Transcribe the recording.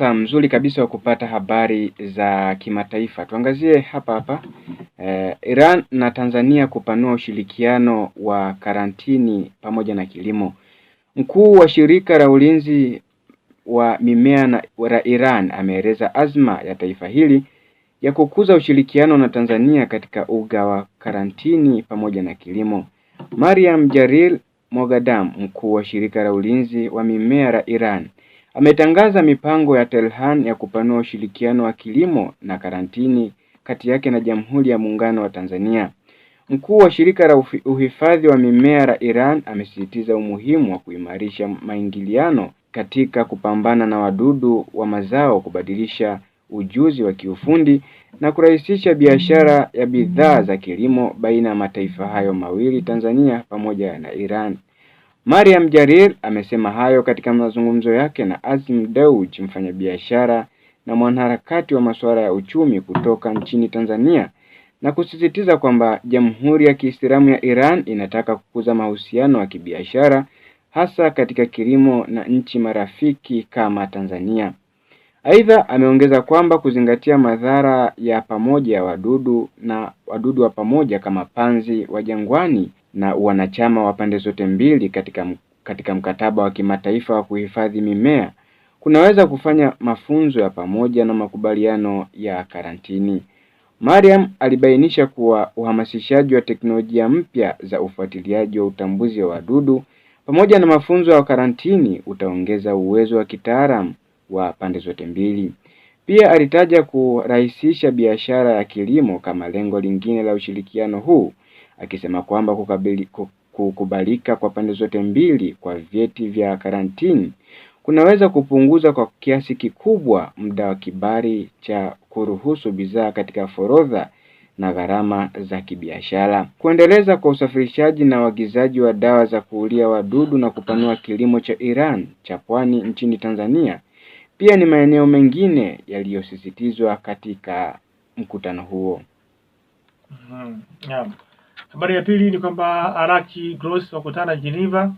wasaa mzuri kabisa wa kupata habari za kimataifa. Tuangazie hapa hapa eh, Iran na Tanzania kupanua ushirikiano wa karantini pamoja na kilimo. Mkuu wa shirika la ulinzi wa mimea na la Iran ameeleza azma ya taifa hili ya kukuza ushirikiano na Tanzania katika uga wa karantini pamoja na kilimo. Mariam Jalil Mogadam, mkuu wa shirika la ulinzi wa mimea la Iran Ametangaza mipango ya Telhan ya kupanua ushirikiano wa kilimo na karantini kati yake na Jamhuri ya Muungano wa Tanzania. Mkuu wa shirika la uhifadhi wa mimea la Iran amesisitiza umuhimu wa kuimarisha maingiliano katika kupambana na wadudu wa mazao, kubadilisha ujuzi wa kiufundi na kurahisisha biashara ya bidhaa za kilimo baina ya mataifa hayo mawili, Tanzania pamoja na Iran. Mariam Jarir amesema hayo katika mazungumzo yake na Azim Dewji, mfanyabiashara na mwanaharakati wa masuala ya uchumi kutoka nchini Tanzania, na kusisitiza kwamba Jamhuri ya Kiislamu ya Iran inataka kukuza mahusiano ya kibiashara hasa katika kilimo na nchi marafiki kama Tanzania. Aidha ameongeza kwamba kuzingatia madhara ya pamoja ya wadudu na wadudu wa pamoja kama panzi wa jangwani na wanachama wa pande zote mbili katika, katika mkataba wa kimataifa wa kuhifadhi mimea kunaweza kufanya mafunzo ya pamoja na makubaliano ya karantini. Mariam alibainisha kuwa uhamasishaji wa teknolojia mpya za ufuatiliaji wa utambuzi wa wadudu pamoja na mafunzo ya karantini utaongeza uwezo wa kitaalamu wa pande zote mbili. Pia alitaja kurahisisha biashara ya kilimo kama lengo lingine la ushirikiano huu, akisema kwamba kukabili, kukubalika kwa pande zote mbili kwa vyeti vya karantini kunaweza kupunguza kwa kiasi kikubwa muda wa kibali cha kuruhusu bidhaa katika forodha na gharama za kibiashara. Kuendeleza kwa usafirishaji na uagizaji wa dawa za kuulia wadudu na kupanua kilimo cha Iran cha pwani nchini Tanzania pia ni maeneo mengine yaliyosisitizwa katika mkutano huo. Mm, yeah. Habari ya pili ni kwamba Araki Gross wakutana Geneva